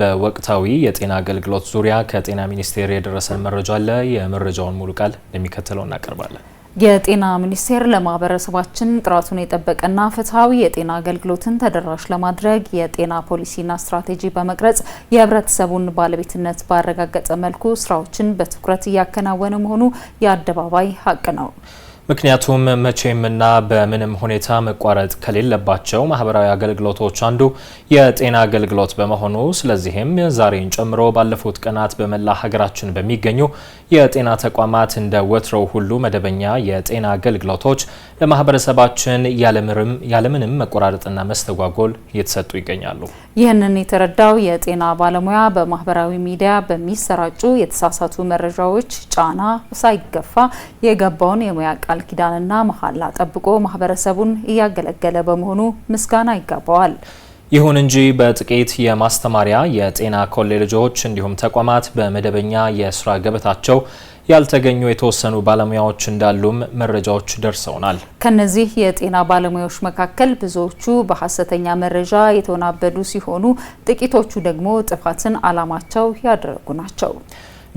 በወቅታዊ የጤና አገልግሎት ዙሪያ ከጤና ሚኒስቴር የደረሰን መረጃ አለ። የመረጃውን ሙሉ ቃል እንደሚከተለው እናቀርባለን። የጤና ሚኒስቴር ለማህበረሰባችን ጥራቱን የጠበቀና ፍትሐዊ የጤና አገልግሎትን ተደራሽ ለማድረግ የጤና ፖሊሲና ስትራቴጂ በመቅረጽ የህብረተሰቡን ባለቤትነት ባረጋገጠ መልኩ ስራዎችን በትኩረት እያከናወነ መሆኑ የአደባባይ ሀቅ ነው። ምክንያቱም መቼምና በምንም ሁኔታ መቋረጥ ከሌለባቸው ማህበራዊ አገልግሎቶች አንዱ የጤና አገልግሎት በመሆኑ ስለዚህም ዛሬን ጨምሮ ባለፉት ቀናት በመላ ሀገራችን በሚገኙ የጤና ተቋማት እንደ ወትሮው ሁሉ መደበኛ የጤና አገልግሎቶች ለማህበረሰባችን ያለምንም መቆራረጥና መስተጓጎል እየተሰጡ ይገኛሉ። ይህንን የተረዳው የጤና ባለሙያ በማህበራዊ ሚዲያ በሚሰራጩ የተሳሳቱ መረጃዎች ጫና ሳይገፋ የገባውን የሙያ ቃል ቃል ኪዳንና መሐላ ጠብቆ ማህበረሰቡን እያገለገለ በመሆኑ ምስጋና ይገባዋል። ይሁን እንጂ በጥቂት የማስተማሪያ የጤና ኮሌጆች እንዲሁም ተቋማት በመደበኛ የስራ ገበታቸው ያልተገኙ የተወሰኑ ባለሙያዎች እንዳሉም መረጃዎች ደርሰውናል። ከነዚህ የጤና ባለሙያዎች መካከል ብዙዎቹ በሀሰተኛ መረጃ የተወናበዱ ሲሆኑ፣ ጥቂቶቹ ደግሞ ጥፋትን ዓላማቸው ያደረጉ ናቸው።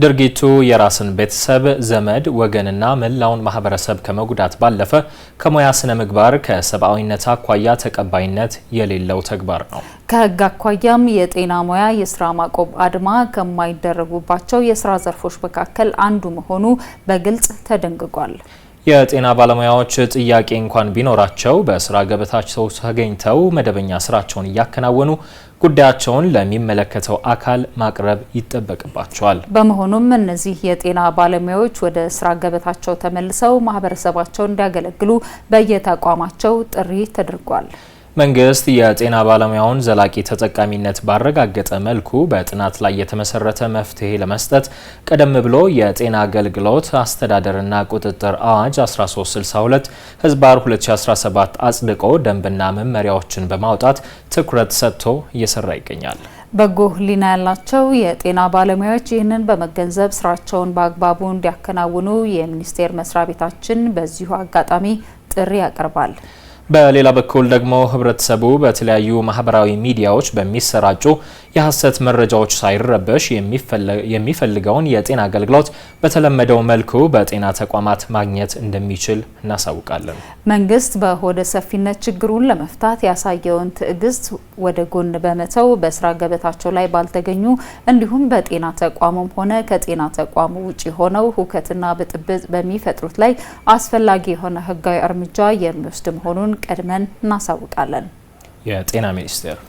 ድርጊቱ የራስን ቤተሰብ፣ ዘመድ፣ ወገንና መላውን ማህበረሰብ ከመጉዳት ባለፈ ከሙያ ስነ ምግባር ከሰብአዊነት አኳያ ተቀባይነት የሌለው ተግባር ነው። ከህግ አኳያም የጤና ሙያ የስራ ማቆም አድማ ከማይደረጉባቸው የስራ ዘርፎች መካከል አንዱ መሆኑ በግልጽ ተደንግጓል። የጤና ባለሙያዎች ጥያቄ እንኳን ቢኖራቸው በስራ ገበታቸው ተገኝተው መደበኛ ስራቸውን እያከናወኑ ጉዳያቸውን ለሚመለከተው አካል ማቅረብ ይጠበቅባቸዋል። በመሆኑም እነዚህ የጤና ባለሙያዎች ወደ ስራ ገበታቸው ተመልሰው ማህበረሰባቸውን እንዲያገለግሉ በየተቋማቸው ጥሪ ተደርጓል። መንግስት የጤና ባለሙያውን ዘላቂ ተጠቃሚነት ባረጋገጠ መልኩ በጥናት ላይ የተመሰረተ መፍትሄ ለመስጠት ቀደም ብሎ የጤና አገልግሎት አስተዳደርና ቁጥጥር አዋጅ 1362 ህዝባር 2017 አጽድቆ ደንብና መመሪያዎችን በማውጣት ትኩረት ሰጥቶ እየሰራ ይገኛል። በጎ ህሊና ያላቸው የጤና ባለሙያዎች ይህንን በመገንዘብ ስራቸውን በአግባቡ እንዲያከናውኑ የሚኒስቴር መስሪያ ቤታችን በዚሁ አጋጣሚ ጥሪ ያቀርባል። በሌላ በኩል ደግሞ ህብረተሰቡ በተለያዩ ማህበራዊ ሚዲያዎች በሚሰራጩ የሐሰት መረጃዎች ሳይረበሽ የሚፈልገውን የጤና አገልግሎት በተለመደው መልኩ በጤና ተቋማት ማግኘት እንደሚችል እናሳውቃለን። መንግስት በሆደ ሰፊነት ችግሩን ለመፍታት ያሳየውን ትዕግስት ወደ ጎን በመተው በስራ ገበታቸው ላይ ባልተገኙ እንዲሁም በጤና ተቋሙም ሆነ ከጤና ተቋሙ ውጭ ሆነው ሁከትና ብጥብጥ በሚፈጥሩት ላይ አስፈላጊ የሆነ ህጋዊ እርምጃ የሚወስድ መሆኑን ቀድመን እናሳውቃለን። የጤና ሚኒስቴር